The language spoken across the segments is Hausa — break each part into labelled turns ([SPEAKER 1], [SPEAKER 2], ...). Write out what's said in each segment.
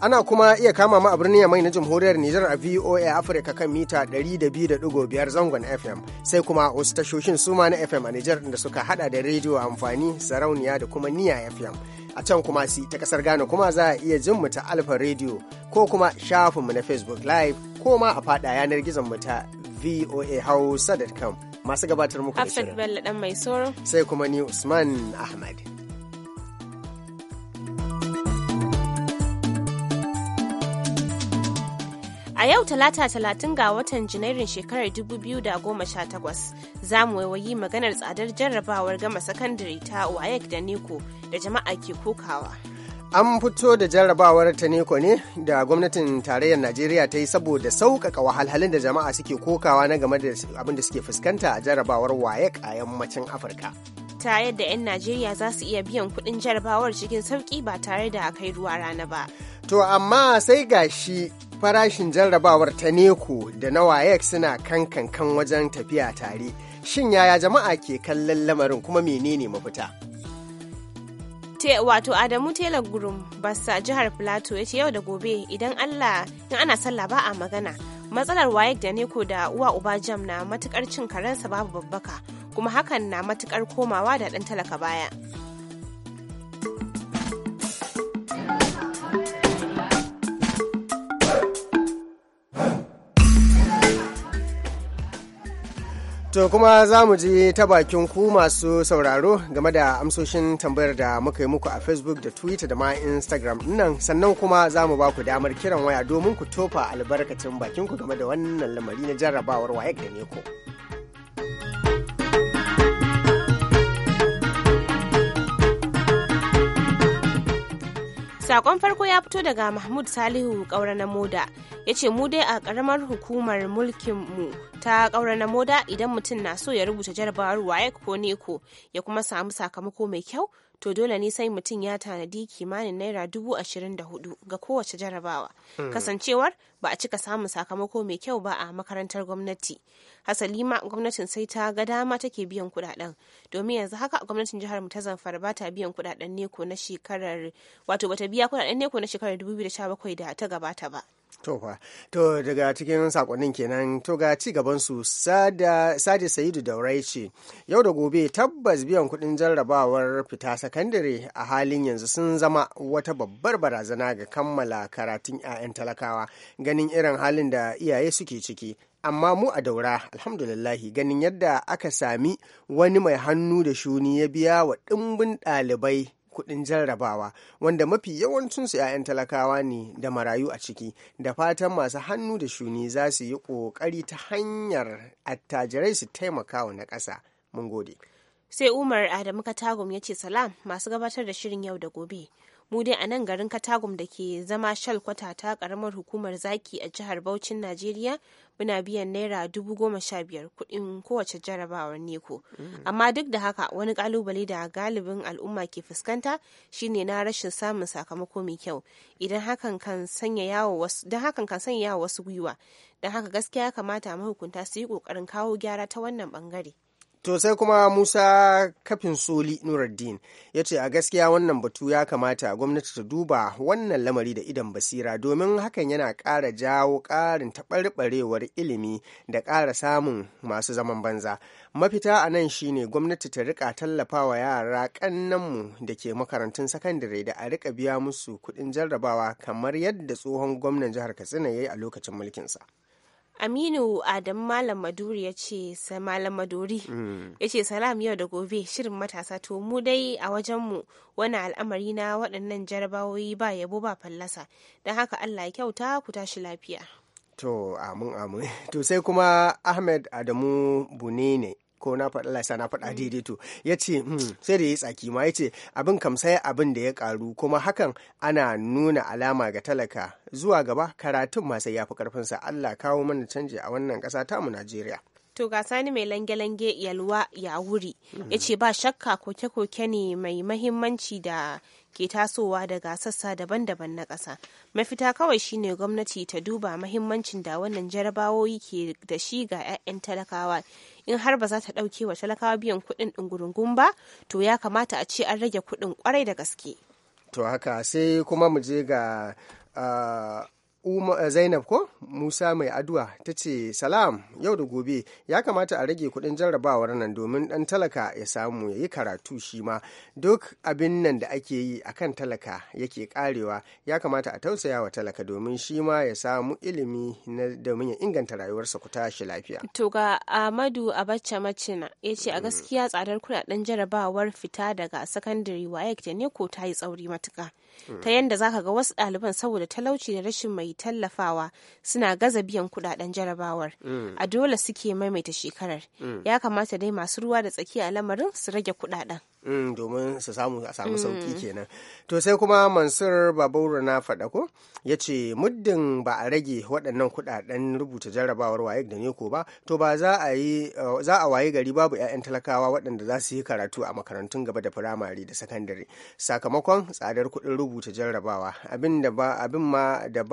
[SPEAKER 1] Ana kuma iya kama mu a birnin Yamai na Jamhuriyar Nijar a VOA Africa kan mita 200.5 zangon FM sai kuma wasu tashoshin suma na FM a Nijar da suka hada da rediyo amfani sarauniya da kuma niya FM. A can kuma si ta kasar Ghana kuma za a iya jin mu ta Alfa rediyo ko kuma shafin mu na Facebook Live ko ma a fada yanar gizon mu ta voahausa.com masu gabatar muku da shirin.
[SPEAKER 2] Bello dan mai soro.
[SPEAKER 1] Sai kuma ni Usman Ahmad.
[SPEAKER 2] A yau talata talatin ga watan Janairun shekarar 2018 za mu waiwayi maganar tsadar jarrabawar gama sakandare ta WAEC da NECO da jama'a ke kokawa.
[SPEAKER 1] An fito da jarrabawar ta neko ne da gwamnatin tarayyar Najeriya ta yi saboda sauƙaƙa wahalhalun da jama'a suke kokawa na game da abin da suke fuskanta a jarrabawar WAEC a yammacin Afirka.
[SPEAKER 2] ta yadda 'yan Najeriya za su iya biyan kuɗin jarrabawar cikin sauƙi ba tare da kai ruwa rana ba.
[SPEAKER 1] To amma sai gashi farashin jarrabawar ta neko da na wayek suna kankankan wajen tafiya tare shin yaya jama'a ke kallon lamarin kuma menene mafita
[SPEAKER 2] te wato adamu tela gurum basa jihar plateau ya ce yau da gobe idan allah in ana sallah ba a magana matsalar wayek da neko da uwa uba jam na matukar cin karensa babu babbaka kuma hakan na matukar komawa da dan talaka baya
[SPEAKER 1] To kuma za mu ji ta bakin ku masu sauraro game da amsoshin tambayar da muka yi muku a Facebook da Twitter da ma Instagram nan sannan kuma za mu ba ku damar kiran waya domin ku tofa albarkacin bakin ku game da wannan lamari na jarrabawar waye da ku.
[SPEAKER 2] Sakon farko ya fito daga Mahmud Salihu ƙaura na moda ya ce mu dai a ƙaramar hukumar mulkin mu ta ƙaura na moda idan mutum na so ya rubuta jarabawar waye ko neko ya kuma samu sakamako mai kyau to dole ne sai mutum ya tanadi kimanin naira dubu ashirin da hudu ga kowace jarabawa hmm. kasancewar ba a cika samun sakamako mai kyau ba a makarantar gwamnati hasali ma gwamnatin sai ta ga dama take biyan kudaden domin yanzu haka gwamnatin jihar mu ta zamfara ba ta biyan kudaden neko na shekarar wato bata biya kudaden neko na shekarar 2017 da ta gabata ba
[SPEAKER 1] Tofa, to daga cikin sakonnin kenan to ga ci gaban su Sadi Sa'idu Daurai ce, yau da gobe tabbas biyan kuɗin jarrabawar fita sakandare a halin yanzu sun zama wata babbar barazana ga kammala karatun 'ya'yan talakawa ganin irin halin da iyaye suke ciki. amma mu a daura alhamdulillahi ganin yadda aka sami wani mai hannu da shuni ya biya wa ɗimbin ɗalibai kuɗin jarrabawa wanda mafi yawancinsu 'ya'yan talakawa ne da marayu a ciki da fatan masu hannu da shuni za su yi ƙoƙari ta hanyar attajirai su taimakawa na ƙasa mun gode
[SPEAKER 2] sai umar adamu katagum ya ce salam masu gabatar da shirin yau da gobe mu dai a nan garin katagum da ke zama shalkwata ta karamar hukumar zaki a jihar Bauchin Najeriya muna biyan naira dubu goma sha biyar kuɗin kowace jarabawar neko mm. amma duk da haka wani kalubale da galibin al'umma ke fuskanta shine na rashin samun sakamako mai kyau idan hakan kan sanya yawo wasu dan hakan kan sanya yawo wasu gwiwa don haka gaskiya kamata mahukunta su yi kokarin kawo gyara ta wannan bangare
[SPEAKER 1] To sai kuma Musa Kafin Soli Nuruddin ya ce a gaskiya wannan batu ya kamata gwamnati ta duba wannan lamari da idan basira domin hakan yana ƙara jawo ƙarin taɓarɓarewar ilimi da ƙara samun masu zaman banza. Mafita a nan ne gwamnati ta rika tallafawa yara ƙannanmu da ke makarantun sakandare da a rika biya musu kuɗin jarrabawa kamar yadda tsohon gwamnan jihar Katsina ya yi a lokacin mulkinsa.
[SPEAKER 2] Aminu Adamu Malam Maduri ya ce Malam Maduri mm. ya ce salam yau da gobe shirin matasa to mu dai a wajenmu wani al'amari na waɗannan jarabawoyi ba yabo ba fallasa don haka Allah ya kyauta ku tashi lafiya.
[SPEAKER 1] To amin amin to sai kuma Ahmed Adamu Bunene ko na faɗa lasa na faɗa mm. daidai to ya ce hmm, sai da ya tsaki ma ya ce abin kam sai abin da ya karu kuma hakan ana nuna alama ga talaka zuwa gaba karatun ma sai ya fi karfinsa Allah kawo mana canji a wannan ƙasa tamu Najeriya.
[SPEAKER 2] to ga sani mai lange-lange yalwa ya wuri mm. ya ce ba shakka koke-koke ne mai mahimmanci da ke tasowa daga sassa daban-daban na ƙasa mafita kawai shine gwamnati ta duba mahimmancin da wannan jarabawoyi ke da shi ga 'ya'yan talakawa in har ba za ta ɗauke wa talakawa biyan kuɗin ɗungurungun ba to ya kamata a ce an rage kuɗin kwarai da gaske
[SPEAKER 1] to haka sai kuma mu je ga ah, Eh, Zainab ko Musa mai aduwa ta ce salam yau da gobe ya kamata a rage kudin jarrabawar nan domin dan talaka ya samu ya yi karatu shi ma duk abin nan da ake yi a kan talaka yake karewa ya kamata a tausaya wa talaka domin shi ma ya samu ilimi na domin ya inganta rayuwarsa ku tashi lafiya.
[SPEAKER 2] To ga Ahmadu Abacha Macina ya ce a gaskiya tsadar kuɗaɗen jarrabawar fita daga sakandare waye ne ko ta yi tsauri matuka. ta yadda za ka ga wasu ɗaliban saboda talauci da rashin mai tallafawa suna gaza biyan kuɗaɗen jarabawar a dole suke maimaita shekarar mm. ya kamata dai masu ruwa da tsaki a lamarin su rage kuɗaɗen
[SPEAKER 1] Mm, domin su samu a samu mm. sauki kenan to sai kuma mansur babura na faɗa ko ya ce muddin ba a rage waɗannan kuɗaɗen rubuta jarrabawar waye da ko ba to ba za a uh, waye gari babu 'ya'yan talakawa waɗanda za su yi karatu a makarantun gaba da firamare da sakandare sakamakon tsadar kuɗin rubuta jarrabawa abin da ba abin ma da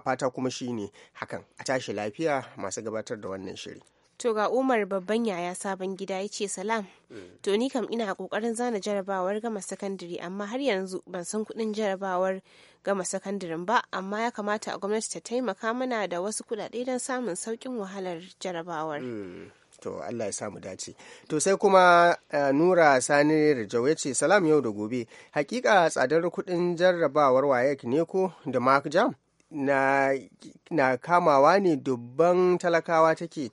[SPEAKER 1] fata kuma shine hakan a tashi lafiya masu gabatar da wannan shiri
[SPEAKER 2] to ga umar babban yaya sabon gida ya ce salam to ni kam ina kokarin zana jarabawar gama sakandare amma har yanzu ban san kuɗin jarabawar gama sakandaren ba amma ya kamata a gwamnati ta taimaka mana da wasu kuɗaɗe don samun saukin wahalar jarabawar
[SPEAKER 1] mm, to Allah ya samu dace to sai kuma eh, nura sani rijau ya ce salam yau da gobe hakika tsadar kuɗin jarrabawar wayek ne ko da mark jam na, kamawa ne dubban talakawa take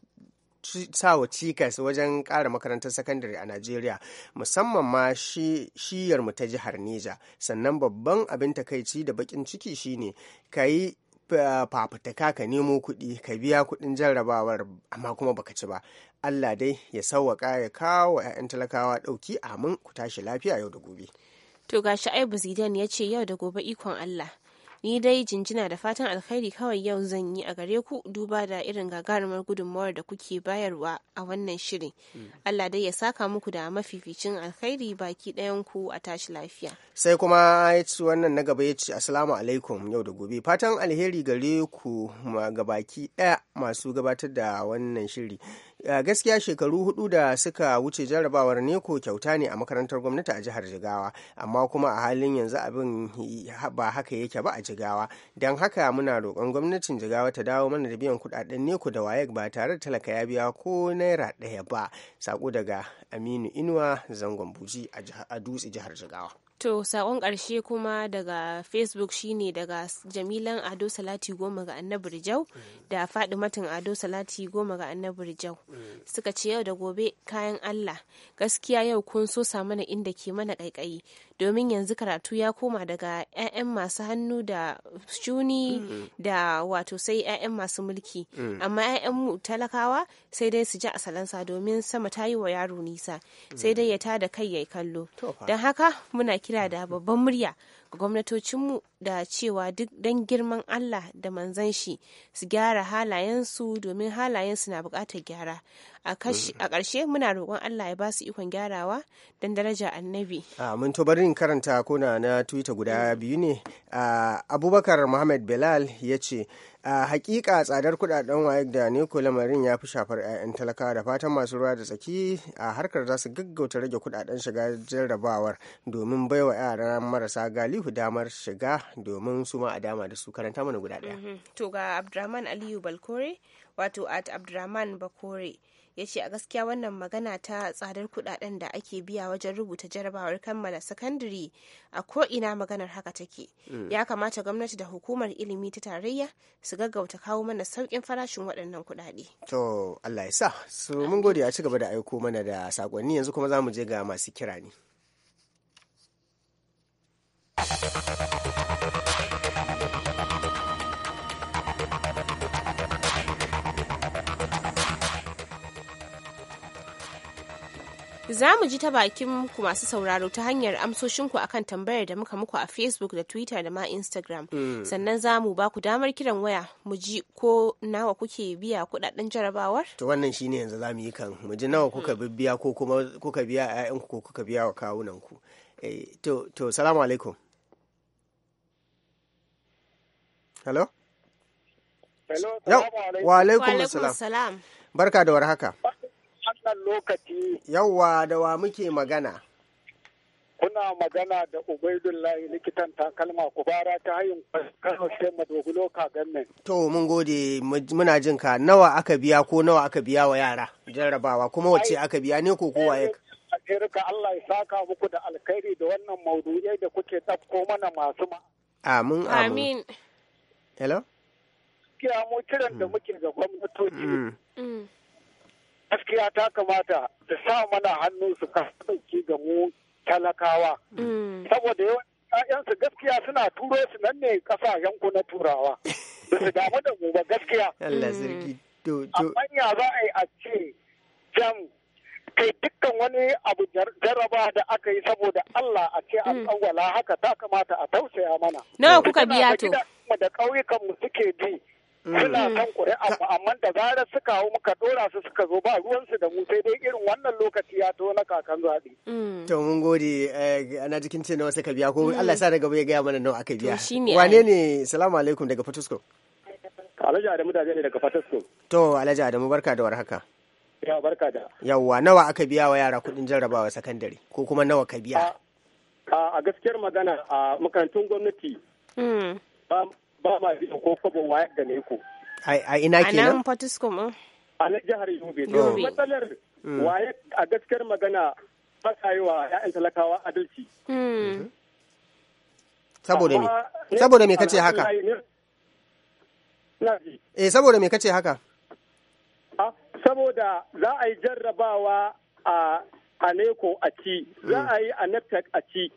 [SPEAKER 1] sawa cikas wajen kara makarantar sakandare a Najeriya musamman ma shiyar mu ta jihar Neja sannan babban abin takaici da bakin ciki shine kayi fafataka ka nemo kuɗi ka biya kuɗin jarrabawar amma kuma baka ci ba Allah dai ya sauwaka ya kawo 'ya'yan talakawa ɗauki amin ku tashi lafiya yau da gobe.
[SPEAKER 2] To gashi ai buzidan ya ce yau da gobe ikon Allah Ni dai jinjina da fatan alkhairi kawai yau zan yi a gare ku duba da irin gagarumar gudunmawar da kuke bayarwa a wannan shirin. Mm. Allah dai ya saka muku da mafificin alkhairi baki ɗayan ku a tashi lafiya.
[SPEAKER 1] Sai kuma ya ci wannan na gaba ya ce Assalamu alaikum yau da gobe. Fatan alheri gare ku ga baki ɗaya masu gabatar da wannan shiri. gaskiya shekaru hudu da suka wuce jarabawar neko kyauta ne a makarantar gwamnati a jihar jigawa amma kuma a halin yanzu abin ba haka yake ba a jigawa don haka muna roƙon gwamnatin jigawa ta dawo mana da biyan kuɗaɗen neko da wayek ba tare da talaka ya biya ko naira ɗaya ba sako daga aminu inuwa zangon buji a dutse jihar jigawa
[SPEAKER 2] To sakon ƙarshe kuma daga Facebook shine daga Jamilan Ado Salati goma ga Annabi Rijau da Fadimatin Ado Salati goma ga Annabi Rijau. Suka ce yau da gobe kayan Allah gaskiya yau kun so samu mana inda ke mana ƙaiƙayi domin yanzu karatu ya koma daga 'ya'yan masu hannu da shuni mm-hmm. da wato sai 'ya'yan masu mulki mm. amma 'ya'yan mu talakawa sai dai su ji asalansa domin sama ta yi wa yaro nisa sai dai ya mm. ta da kai ya kallo don haka muna kira da mm-hmm. babban murya gwamnatocinmu da cewa duk dan girman Allah da manzan shi su gyara halayensu domin halayensu na buƙatar gyara. A ƙarshe muna roƙon Allah ya ba su ikon gyarawa don daraja annabi.
[SPEAKER 1] Mun to karanta kona na Twitter guda biyu ne. Ah, Abubakar Muhammad Belal ya ce, a hakika tsadar kudaden waye da ne ko lamarin ya fi shafar 'ya'yan talakawa da fatan masu ruwa da tsaki a harkar za su gaggauta rage kudaden shiga jarrabawar domin baiwa yaran marasa galihu damar shiga domin su ma a dama da su karanta mana guda daya
[SPEAKER 2] mm-hmm. to ga abdulrahman aliyu balkore wato at abdurrahman bakore ya ce a gaskiya wannan magana ta tsadar kudaden da ake biya wajen rubuta jarabawar kammala sakandare a ko'ina maganar haka take mm. ya kamata gwamnati da hukumar ilimi ta tarayya su gaggauta kawo mana saukin farashin waɗannan kudade
[SPEAKER 1] to allah ya sa su mun gode a ci gaba da aiko mana da sakonni yanzu kuma za mu je ga masu kira ne
[SPEAKER 2] Za mu ji ta bakin ku masu sauraro ta hanyar amsoshinku akan tambayar da muka muku a Facebook da Twitter da ma Instagram. Hmm. Sannan za mu ba ku damar kiran waya mu ji ko nawa kuke biya kudaden jarabawar.
[SPEAKER 1] To wannan shine yanzu za mu yi kan mu ji nawa kuka hmm. biya ko kuma kuka biya a 'ya'yanku ko kuka biya wa kawunanku. ku eh, to, to, salamu alaikum. Hello?
[SPEAKER 3] Hello, Wa alaikum salam.
[SPEAKER 1] Barka da warhaka. haka. wannan lokaci. Yawwa da wa muke magana.
[SPEAKER 3] Kuna magana da Ubaidullahi likitan takalma kubara ta hayin Kano sai madogulo kagannin.
[SPEAKER 1] To mun gode muna jin ka nawa aka biya ko nawa aka biya wa yara jarrabawa kuma wace aka biya ne ko kowa ya ka.
[SPEAKER 3] Eh, eh, eh, Allah ya saka muku da alkhairi da wannan maudu'ai da kuke ɗauko mana masu ma.
[SPEAKER 1] Amin amin. Hello?
[SPEAKER 3] Kira mu kiran da mm. muke ga gwamnatoci. Mm. Mm. gaskiya ta kamata da sa mana hannu su kasance ga mu talakawa. Mm. Saboda yawan ‘ya'yansu gaskiya suna turo su nan ne yanku na turawa. Ba su damu da mu ba gaskiya. Allah zirgi. Mm. Amma ya za a yi a ce jam kai dukkan wani abu jaraba da aka yi saboda Allah a ce an mm. tsawwala haka ta kamata a tausaya mana. Nawa kuka biya to? Da ƙauyukanmu suke bi. suna son mm. ƙuri'a amma amma da zarar suka hau muka ɗora su suka zo ba ruwansu da mu sai dai irin wannan lokaci ya to na
[SPEAKER 1] kakan zaɓe. Mm. To mun gode ana eh, jikin ce na wasu ka biya ko mm. Allah sa da gaba ya gaya mana nawa aka biya. Wane ne salamu alaikum daga Fatusko?
[SPEAKER 3] Alhaji Adamu da ne daga Fatusko.
[SPEAKER 1] To Alhaji Adamu barka da warhaka.
[SPEAKER 3] Ya barka da.
[SPEAKER 1] Yawwa nawa aka biya wa yara kuɗin jarrabawa sakandare ko kuma nawa ka biya?
[SPEAKER 3] A gaskiyar magana a makarantun gwamnati ba ma biyan ko kwabo wayar da ne ko.
[SPEAKER 1] A ina kenan? A nan
[SPEAKER 3] Fatiskum. A nan jihar Yobe. Yobe. Matsalar hmm. waye a gaskiyar magana ba ta yi wa 'ya'yan talakawa adalci.
[SPEAKER 4] Hmm.
[SPEAKER 1] Mhm. Saboda me? Saboda me kace haka? Eh saboda me kace haka?
[SPEAKER 3] Ah, saboda za a yi jarrabawa a a neko a ci za hmm. a yi a Neptek a ci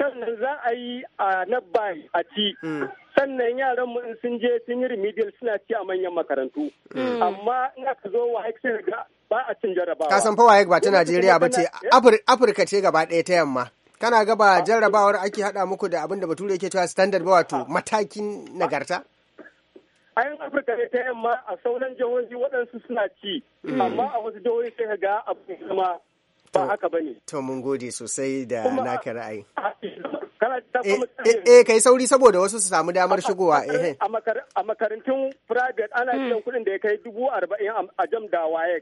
[SPEAKER 3] sannan za a yi a nabbai a ci hmm. sannan yaran mu sun je sun yi remedial suna ci a manyan makarantu hmm. amma in aka zo wa sai ga ba a cin jarabawa ka san fa waye ba ta Najeriya ba ce
[SPEAKER 1] Afirka ce gaba ɗaya ta yamma kana gaba ah. jarrabawar ake hada muku da abin da bature yake cewa standard ba wato matakin nagarta
[SPEAKER 3] a yin afirka ne ta yamma a sauran jihohi waɗansu suna ci hmm. amma a wasu jihohi sai ga abu kuma
[SPEAKER 1] ba haka ba ne. To mun gode sosai da naka ra'ayi. Eh, eh, eh kai sauri saboda wasu su samu damar shigowa eh.
[SPEAKER 3] A makarantun private ana hmm. biyan kuɗin da ya kai dubu arba'in a jam da waye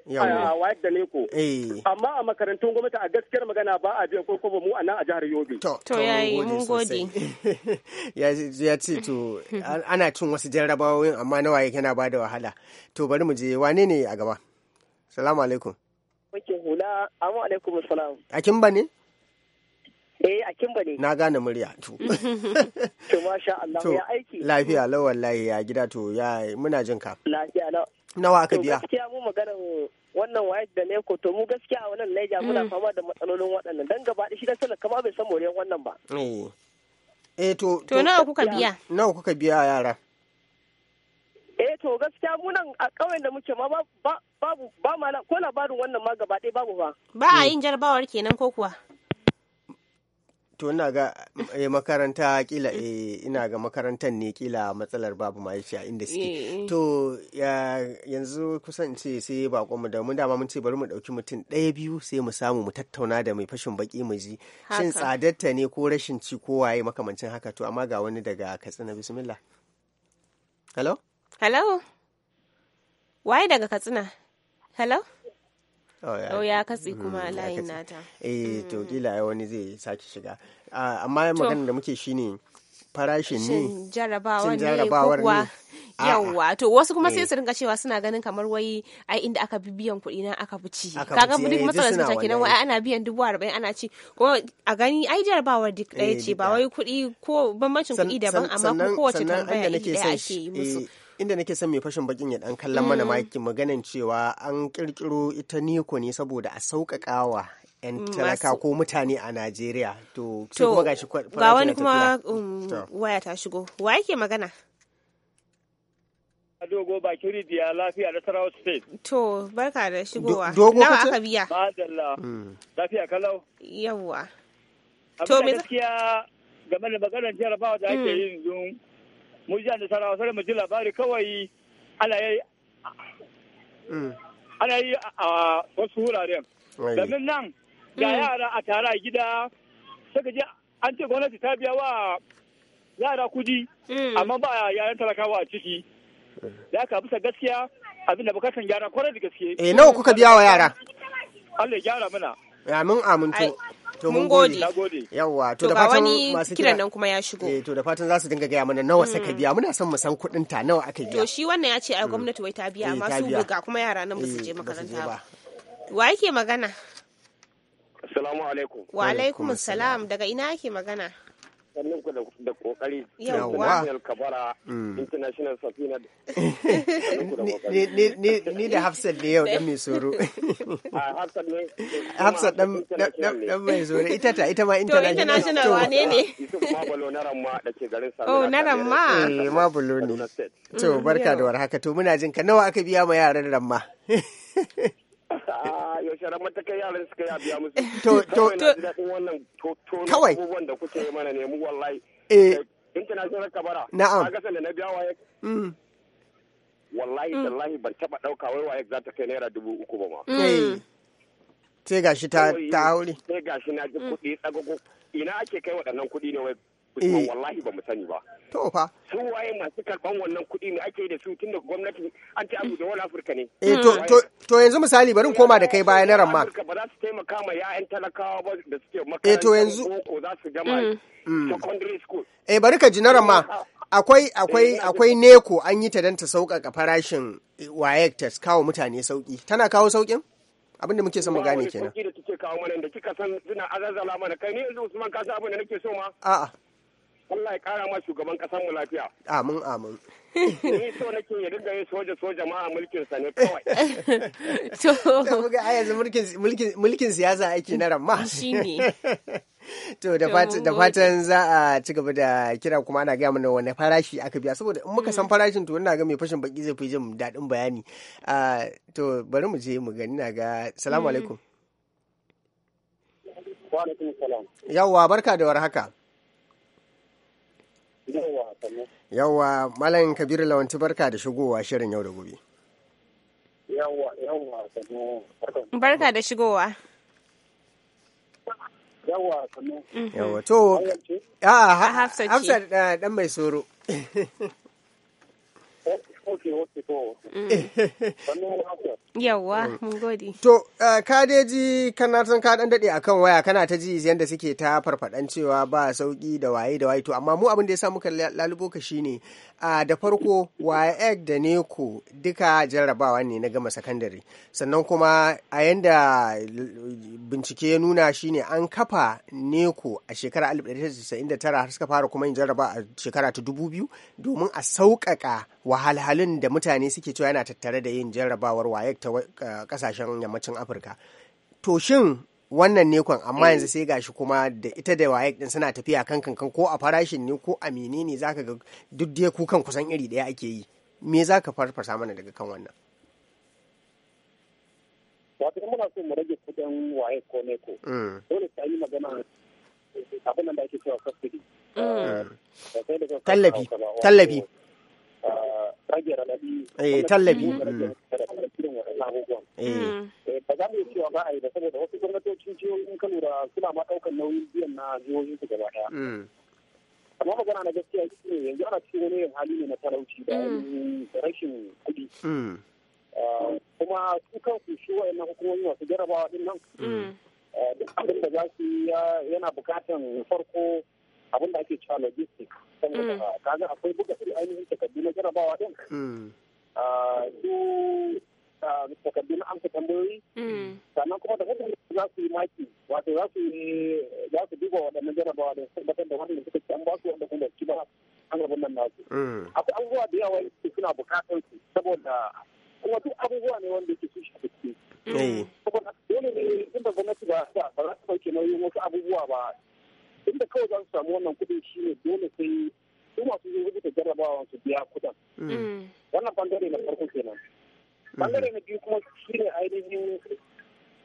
[SPEAKER 3] waye da neko. Eh. Amma a makarantun gwamnati a gaskiyar magana ba a biyan kurkuku mu a nan a jihar Yobe. To yayi
[SPEAKER 1] mun gode. Ya ce to ana cin wasu jarrabawoyin amma nawa yana ba da wahala. To bari mu je wane ne a gaba? Salamu alaikum.
[SPEAKER 3] wankin hula amma alaikum salam a kin ba ne Eh a kin ba ne. Na
[SPEAKER 1] gane murya to.
[SPEAKER 3] To masha Allah ya aiki.
[SPEAKER 1] Lafiya lau wallahi ya gida to ya muna jin ka. Lafiya lau. Nawa aka biya? Gaskiya
[SPEAKER 3] mu maganar wannan wayar da neko to mu gaskiya a wannan laija muna mm. fama da matsalolin waɗannan dan gaba da shi da talaka kamar bai san moriyan wannan ba.
[SPEAKER 1] Eh. Eh to to nawa kuka biya? Nawa kuka biya yara?
[SPEAKER 3] eh to gaskiya munan nan a ƙauyen da muke ma babu ba ma ko labarin wannan ma gaba
[SPEAKER 2] ɗaya babu ba ba a yin jarabawar kenan ko kuwa
[SPEAKER 1] to ina ga eh, makaranta kila eh, ina ga makarantar ne kila matsalar babu ma yace a inda suke eh. to yanzu kusan ce sai bakonmu da mun dama mun ce bari mu dauki mutum ɗaya biyu sai mu samu mu tattauna da mai fashin baki mu ji shin tsadarta ne ko rashin ci ko waye makamancin haka to amma ga wani daga Katsina bismillah hello
[SPEAKER 2] hello waye daga katsina hello
[SPEAKER 1] oh ya oh, katse kuma hmm, layin nata eh to hmm. kila wani zai sake shiga ah, amma maganin da muke shine farashin ne
[SPEAKER 2] jarabawa ne yawwa to wasu kuma sai eh. su rinka cewa suna ganin kamar wai ai inda aka bi biyan kuɗi na aka fi ci ga eh, duk matsalar ta kenan wai ana biyan dubu arba'in ana ci Ko a gani ai jarabawar duk ɗaya eh, ce ba wai kuɗi ko bambancin kuɗi daban amma ko kowace tambaya iri ɗaya ake yi musu
[SPEAKER 1] inda nake son mai fashin bakin ya dan kallon mana mm. maki maganin cewa an kirkiro ita niko ne saboda a wa 'yan mm, talaka ko mutane a Najeriya. To, sai kuma gashi ga wani kuma
[SPEAKER 2] um, waya ta shigo. Wa yake magana? Dogo bakin rijiya lafiya da Sarawak State. To, barka da shigowa. Dogo Nawa aka biya? Madalla. Mm. Lafiya kalau. Yawwa. To, me gaskiya
[SPEAKER 3] game da maganar jarabawa da ake yin zun mu ji nasarawa sai mu ji labari kawai ana yi mm. ana yi a wasu wuraren domin nan ga mm. yara a tara gida suka je an ce gwamnati ta biya wa yara kudi mm. amma ba yaran talakawa a ciki ya ka bisa gaskiya abin da bukatan gyara kwarai da gaske eh nawa kuka biya wa yara
[SPEAKER 1] Allah ya gyara mana mun amintu to mun gode yawa to da fatan masu kiran nan kuma ya shigo eh to da fatan za su dinga gaya mana nawa saka mm. biya muna son mu san kuɗin ta nawa aka biya to
[SPEAKER 2] shi wannan ya ce a mm. gwamnati wai ta biya eh, amma su buga kuma yara nan ba su eh, je makaranta ba wa yake magana
[SPEAKER 3] assalamu alaikum wa alaikum assalam
[SPEAKER 2] daga ina yake magana
[SPEAKER 3] sannin da kokari
[SPEAKER 1] ni da hafsat ne yau dan mai soro ah, hafsat dan dan mai soro ita ta ita ma international to wane
[SPEAKER 2] ne
[SPEAKER 3] na garin oh na ramma
[SPEAKER 1] eh ne to barka da warhaka to muna jin ka nawa aka biya ma yaran ramma
[SPEAKER 3] Ah, yaushe ramar yaran suka ya biya musu to to wannan kawai abubuwan da kuke yi mana nemu wallahi eh, eh international kabara na'am ka san da na biya waye mm. wallahi wallahi mm. ban taba dauka wai waye za ta kai naira dubu uku ba ma mm.
[SPEAKER 1] sai gashi ta ta aure
[SPEAKER 3] sai gashi na ji kuɗi tsagogo ina ake kai waɗannan kuɗi ne wai Eh. to fa su masu karban wannan kuɗi ne ake da su tun da gwamnati an ce abu da wala afirka ne eh hmm. to
[SPEAKER 1] to yanzu misali barin koma da kai bayan ran ma ba za su ma talakawa ba da suke eh, yanzu za su hmm. Hmm. Eh, akwai akwai akwai neko an yi ta don ta sauƙaƙa farashin wayek ta kawo mutane sauƙi tana kawo sauƙin abin da muke son mu gane kenan
[SPEAKER 3] kika san suna mana kai ne yanzu Usman ka san da nake so ma a'a Allah ya kara ma shugaban kasar mu lafiya.
[SPEAKER 1] Amin amin.
[SPEAKER 3] Ni so nake ya dinga yin soja soja ma a mulkin sa ne kawai.
[SPEAKER 1] To ga a yanzu mulkin mulkin siyasa ake na ramma. ne. To da fatan za a ci gaba da kira kuma ana gaya mana wani farashi aka biya saboda in muka san mm. farashin to ina ga mai fashin baki zai fi jin daɗin bayani. To bari mu je mu gani na ga salamu mm. alaikum. Yawwa barka da warhaka. haka. Yawwa, Malam Kabiru Lawanti barka da shigowa shirin yau da gobe.
[SPEAKER 3] Yawwa, yawwa,
[SPEAKER 2] Barka da shigowa.
[SPEAKER 3] Yawwa, Yawwa, to,
[SPEAKER 1] ah, a hafsa ah, dan mai soro.
[SPEAKER 4] Mm.
[SPEAKER 1] Yawwa, mun gode. To, uh, kadeji kana san ka dan dade akan waya kana ta ji yanda suke ta farfadan cewa ba sauki da waye da waye to amma mu abin da ya sa muka lalubo ka shine uh, da farko waye da neko duka jarrabawa ne na gama sakandare sannan kuma a yanda bincike ya nuna shine an kafa neko a shekara 1999 har suka fara kuma yin jarraba a shekara ta biyu domin a sauƙaƙa wahalhalun da mutane suke cewa yana tattare da yin jarrabawar wayek ta eh, kasashen yammacin afirka to shin wannan ne kwan amma yanzu sai gashi kuma da ita da wayek din suna tafiya kan kankan ko a farashin ne ko a menene zaka ga duk da kukan kusan iri daya ake yi me zaka farfasa mana daga kan wannan
[SPEAKER 3] wato muna so mu rage kudin waye ko ne ko mm. dole sai yi magana abin da ake cewa subsidy mm. eh, tallafi tallafi rage raɗaɗi eh tallafi mm. mm. eh, ba za mu cewa ba a yi da saboda wasu gwamnatocin jihohin kano da suna ma ɗaukar nauyin biyan na jihohin su gaba ɗaya mm. amma magana na gaskiya shi ne yanzu ana cikin wani hali ne na talauci da rashin kuɗi ah, kuma su kansu shi wa'annan hukumomi masu jarabawa din nan ah, duk abin da za su yi yana bukatan farko abin da ake cewa logistic saboda mm. kaga akwai buga irin ainihin takaddu na jarabawa din mm. ah, su ah, takaddu na amsa tambayoyi mm. sannan kuma da waɗanda za su yi maki wato za su za su duba waɗannan jarabawa da tabbatar da waɗanda suka ci an ba su wanda kuma ci ba an rabu nan nasu akwai abubuwa da yawa suna bukatar su saboda kuma duk abubuwa ne wanda yake su shafi eh. saboda dole ne inda gwamnati ba ba za su ɗauke nauyin wasu abubuwa ba inda kawai zan samu wannan kuɗin shi ne dole sai su masu yin rubuta jarabawa su biya kudin. Mm. Mm. wannan bangare na farko kenan bangare na biyu kuma shi ne ainihin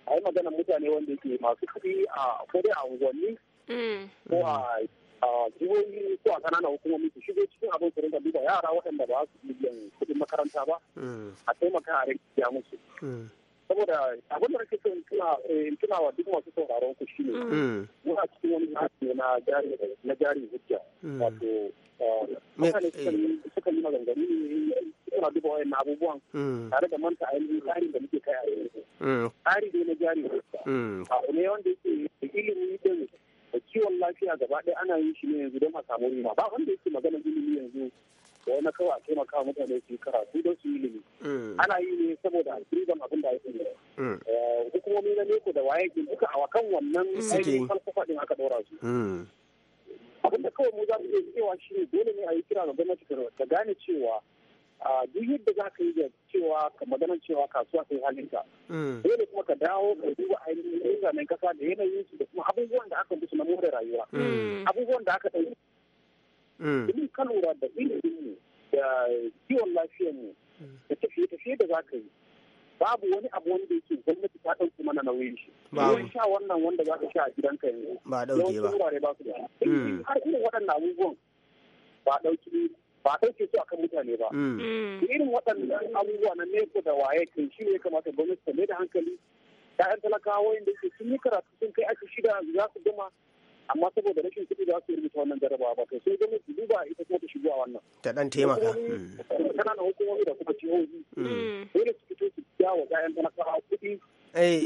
[SPEAKER 3] a yi magana mutane wanda ke masu kuɗi a kodai a unguwanni mm. ko a jihohi ko a kanana hukumomi su shigo cikin abin su rinka duba yara waɗanda ba su biyan kudin makaranta ba a taimaka a rinka musu saboda abin da nake son eh, tuna wa duk masu sauraron ku shine mm. Mm. muna cikin wani zaɓi na jari na jari hujja mm. wato eh, mutane eh. suka yi maganganu suna duba wayan abubuwan tare da manta ainihin tsarin da muke kai a yanzu tsari ne na jari hujja abu ne wanda yake ilimi din da kiwon lafiya gaba ɗaya ana yin shi ne yanzu don a samu rima ba wanda yake magana ilimi yanzu da wani kawai a taimaka mutane su yi karatu don su yi ilimi ana yi ne saboda a Mm. Eh, hukumomi na neko da waye ke duka a kan wannan mm. ainihin falsafa din aka ɗora su mm. abin da kawai mu za mu iya cewa shi ne dole ne a yi kira ga gwamnati ta gane cewa duk yadda za ka yi da cewa ka maganar cewa kasuwa sai halinka dole kuma ka dawo ka duba ainihin zanen kasa da yanayin su da kuma abubuwan da aka musu na more rayuwa abubuwan da aka ɗauki domin ka lura da ilimin mu da kiwon lafiyar mu da tafiye-tafiye da za ka yi babu wani abu wanda yake gwamnati ta ɗauki mana nauyin shi ruwan sha wannan wanda za ka sha a gidan ka yanzu ba ɗauke ba wurare ba su da hmm. har irin waɗannan abubuwan ba ɗauki ba ɗauke su akan mutane ba hmm. Hmm. irin waɗannan abubuwa na ko da waye kai shi ne kamata gwamnati ta mai da hankali ya'yan talakawa da ke sun yi karatu sun kai ake shida za su gama amma saboda rashin kuɗi za su rubuta wannan jarabawa ba kai sai gwamnati duba ita kuma ta shigo a wannan
[SPEAKER 1] ta dan taimaka
[SPEAKER 3] na hukumomi da kuma jihohi dole su fito su wa kuɗi
[SPEAKER 1] eh,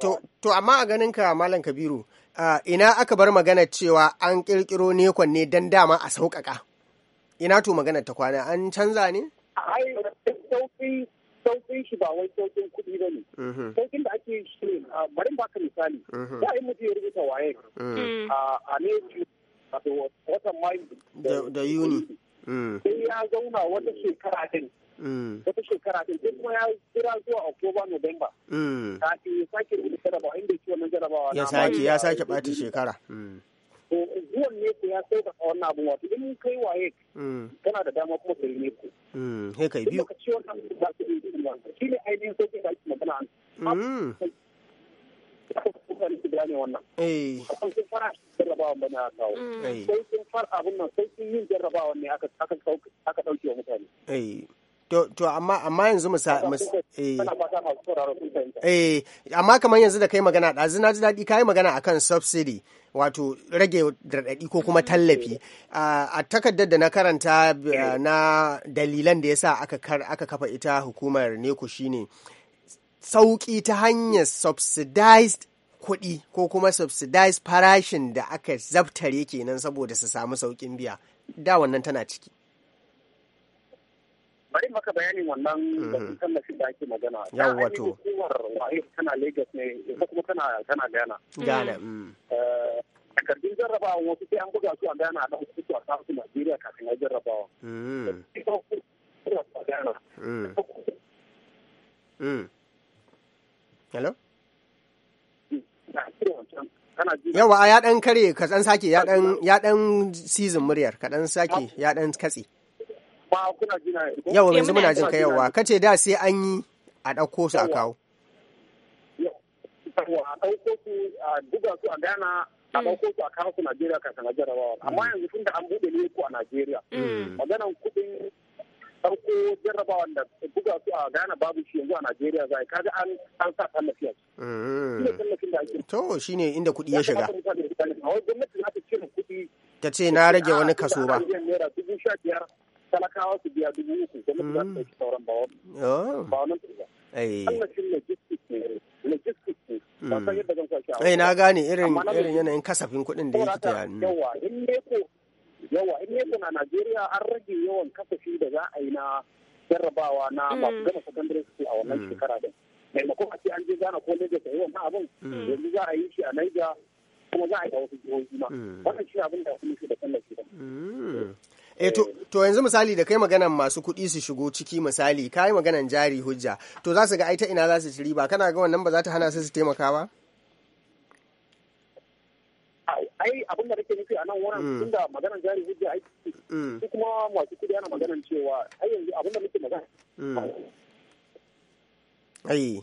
[SPEAKER 1] To, to amma a ganin ka Malam Kabiru, ina aka bar magana cewa an kirkiro nekon ne don dama a sauƙaƙa. Ina to magana ta kwana an canza ne?
[SPEAKER 3] Ai, sauƙin sauƙin shi ba wai sauƙin kuɗi ba ne. Mm-hmm. Sauƙin da ake shi bari ba ka misali. Mm-hmm. Za a yi mutu ya rubuta waye. Mm. A ne watan Mayu
[SPEAKER 4] da Yuni. Sai
[SPEAKER 3] ya zauna wata shekara ɗin.
[SPEAKER 1] Mm. wata
[SPEAKER 3] shekara ɗin sai kuma ya kira zuwa oktoba nobamba mm. kafin ya sake rubuta jarabawa inda ya ci wannan jarabawa ya sake ya sake
[SPEAKER 1] ɓata shekara mm.
[SPEAKER 3] to zuwan ne ku ya sauka a wannan abin wato in kai kana da dama kuma kai ne ku sai kai biyu lokaci wannan ba su yi irin wannan shi ne ainihin sauƙin da ake magana wannan sai sun fara abin eh. nan sai sun yin jarrabawan ne aka ɗauke wa mutane
[SPEAKER 1] eh. To, amma amma yanzu musa eh. eh amma kamar yanzu da kai magana ɗazu na ji daɗi kai magana akan subsidy wato rage raɗaɗi ko kuma tallafi a takardar da na karanta eh, eh. na dalilan da yasa aka aka kafa ita hukumar neko shine sauki ta hanyar subsidized kuɗi ko kuma subsidized farashin da aka zabtare kenan saboda su samu sauƙin biya da wannan tana ciki
[SPEAKER 3] bari maka bayanin wannan da mm-hmm. tallafi da ake magana ya wato hukumar waye tana lagos ne ita kuma tana tana gana
[SPEAKER 4] gana mm.
[SPEAKER 3] eh, takardun jarrabawa wasu sai an buga su a gana a ɗauki su a kawo su najeriya kafin a jarrabawa
[SPEAKER 1] mm. mm. hello yawa a ya ɗan kare ka ɗan sake ya ɗan ya ɗan season muryar ka ɗan sake ya ɗan katse
[SPEAKER 3] Yau kuna yanzu eh, muna jin ka yawa
[SPEAKER 1] kace da sai an yi a ɗauko su a kawo
[SPEAKER 3] ɗauko mm. an buɗe ne ku a Najeriya mm. maganan kuɗin da buga a gana babu shi a Najeriya za
[SPEAKER 4] mm.
[SPEAKER 1] to shine inda kuɗi ya shiga gwamnati ta cire kuɗi ta ce na rage wani kaso ba talakawa su biya dubu uku gwamnati za su mm. ɗauki sauran ba wani oh. ba Allah
[SPEAKER 3] shi logistics ne logistics ne ba san mm. yadda zan kwashi a na gane irin irin yanayin
[SPEAKER 1] kasafin kuɗin da ya yake ta mm. yawa
[SPEAKER 3] in neko yawa in neko na Najeriya an rage yawan kasafi da za a yi na jarrabawa na masu gama secondary school a wannan shekara din maimakon a ce an je gana ko Lagos a yi wannan abin yanzu za a yi shi a Niger kuma za a yi a wasu jihohi ma wannan shi abin da ya fi nufi da
[SPEAKER 4] tallafi ba
[SPEAKER 1] Eh, eh, to, yanzu misali da kai maganan masu kuɗi su shigo ciki misali ka yi maganan jari hujja to za su ga ai ta ina za su ci riba kana ga wannan ba za ta hana su su taimaka ba?
[SPEAKER 3] ai abin da nake nufi a nan wurin mm. tun da maganan jari hujja ai mm. su kuma masu kudi ana maganan cewa ai yanzu abin da nake magana mm.
[SPEAKER 1] ai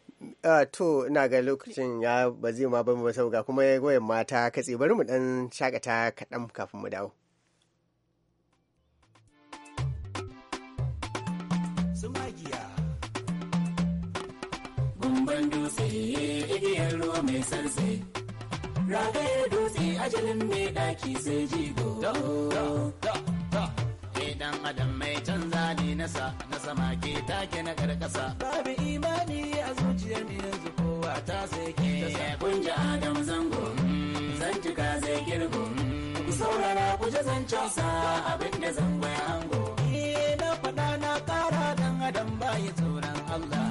[SPEAKER 1] Uh, to ina ga lokacin ya ba zai ma ba mu sauka kuma goyon mata katse bari mu dan shakata kaɗan kafin mu dawo.
[SPEAKER 4] Gumban dutse igiyar ruwa mai sarsi.
[SPEAKER 2] Ragayar dutse ajalin mai ɗaki sai jigo. dan adam mai canza ne nasa na sama ke take na
[SPEAKER 1] karkasa
[SPEAKER 4] babu imani a zuciyar mu yanzu
[SPEAKER 1] kowa ta sai ke ta kun adam zango zan zai kirgo ku saurara ku ji zancen sa abinda zango ya hango eh, na faɗa na ƙara dan adam bayi tsoron Allah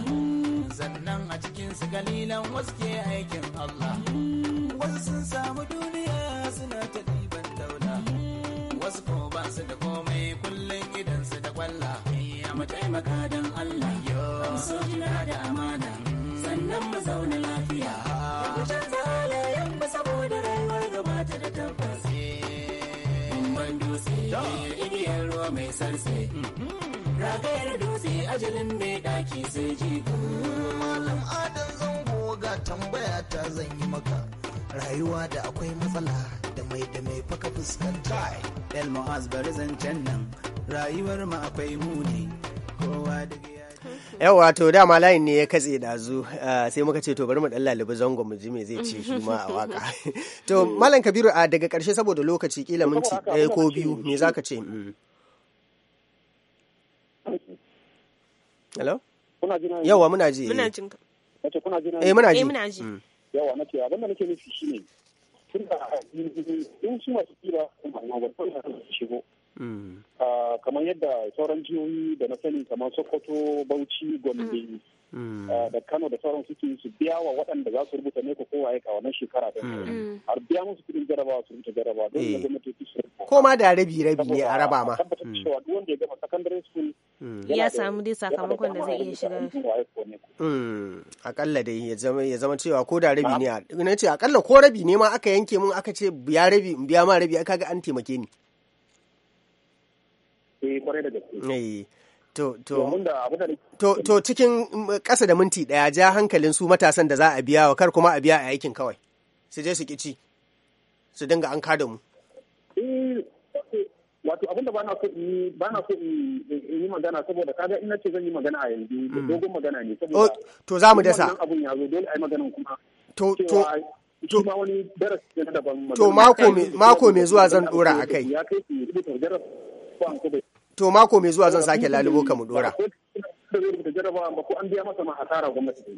[SPEAKER 1] sannan a cikin su galilan wasu ke aikin Allah mm. wasu sun samu duniya suna ta
[SPEAKER 2] ajalin mai daki sai ji Malam Adam zango ga tambaya ta zan yi maka.
[SPEAKER 1] Rayuwa da akwai matsala da mai da mai faka fuskanta. El Mu'az barizan zancen nan rayuwar ma akwai muni kowa da yau wato dama layin ne ya katse dazu ah, sai muka ce to bari mu dan lalibi zango mu ji me zai ce shi ma a waka to malam kabiru a daga karshe saboda lokaci kila minti ɗaya ko biyu me zaka ce mm. hello
[SPEAKER 3] kuna jina yawa muna ji muna jin ka kace kuna jina eh muna ji eh muna ji mm. yawa nace abin da nake nufi shine tunda in su masu kira kuma na wata shigo mm. kamar yadda sauran jihohi da na sani kamar sokoto bauchi gombe mm. da kano da sauran suke su biya wa waɗanda za su rubuta ne ko kowa ya kawo wannan shekara da har biya musu kuɗin jarabawa su rubuta jarabawa don eh. da gwamnati su
[SPEAKER 1] ko ma da rabi rabi ne a raba ma tabbatar cewa
[SPEAKER 2] duk wanda ya gama secondary school
[SPEAKER 1] Mm. ya samu
[SPEAKER 2] dai sakamakon da zai iya shiga
[SPEAKER 1] akalla mm. dai ya zama cewa ko da rabi ne na ce akalla ko rabi ne ma aka yanke mun aka ce biya rabi biya ma rabi aka ga an taimake ni eh, eh, To, cikin mm, ƙasa da minti ɗaya ja hankalin su matasan da za a biya wa kar kuma a biya a aikin kawai su je su ƙici su dinga an kada mu.
[SPEAKER 3] Eh, wato abin da na so in na so in yi magana saboda kaga ina ce zan yi magana a yanzu mm. dogon magana ne saboda oh, to zamu mu dasa abun ya zo dole ai maganan kuma to to to ma wani darasi ne daban to mako me mako me zuwa zan dora akai ya kai ki rubuta
[SPEAKER 1] darasi ko an to mako me zuwa zan sake lalubo ka mu dora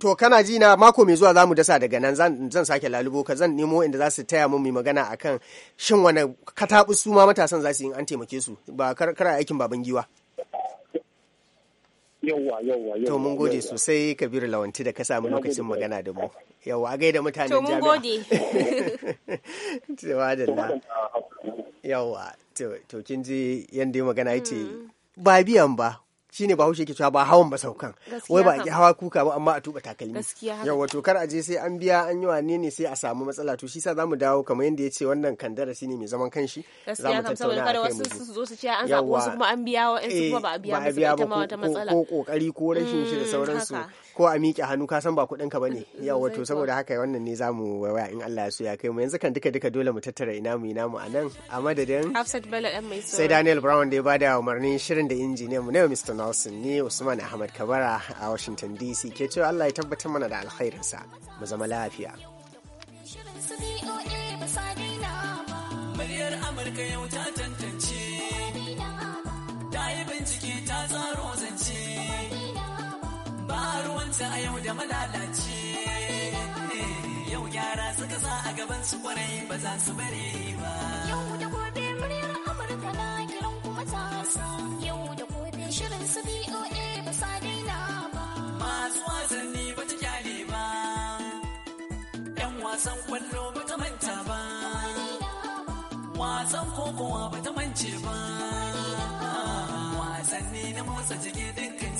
[SPEAKER 1] To kana ji na mako mai zuwa za mu dasa daga nan zan sake lalubo ka zan nemo inda za su taya mu magana magana akan shin wani katabu su ma matasan za su yi an taimake su ba kara aikin baban giwa.
[SPEAKER 3] Yawwa yawwa
[SPEAKER 1] yawwa. To mun gode sosai Kabiru Lawanti da ka samu lokacin magana da mu. Yawwa a gaida mutanen jami'a. To mun gode. Tewa da na. Yawwa to kin ji yadda magana ce hmm. ba biyan ba shi shine bahaushe yake cewa ba hawan ba saukan wai ba ki hawa kuka ba amma a tuba takalmi yawa to kar a je sai an biya an yi wane ne sai a samu matsala to shi sa zamu dawo kamar yadda ya ce wannan kan darasi ne mai zaman kanshi za mu tattauna a kai mu su
[SPEAKER 2] zo su ce an zaɓi wasu kuma an biya wa kuma ba a biya eh, ba ko
[SPEAKER 1] kokari ko rashin shi da mm, sauransu ko a miƙe hannu ka san ba kuɗin ka bane ya wato saboda haka wannan ne zamu waya in Allah ya so ya kai mu yanzu kan duka duka dole mu tattara ina mu ina mu a nan a madadin
[SPEAKER 2] Hafsat Bello dan mai sai Daniel
[SPEAKER 1] Brown da ya bada umarnin shirin da injiniyan mu ne Mr Nelson ne Usman Ahmad Kabara a Washington DC ke cewa Allah ya tabbatar mana da sa mu zama lafiya
[SPEAKER 4] Muryar Amurka yau ta manta a yau da malalaci yau gyara suka sa a gaban su kwarai ba za su bari ba yau da gobe muryar amurka na kiran kuma ta yau da gobe shirin su boa ba sa daina ba masu wasanni ba ta kyale ba yan wasan kwallo ba ta manta ba wasan kokowa ba ta mance ba wasanni na motsa jiki dinkin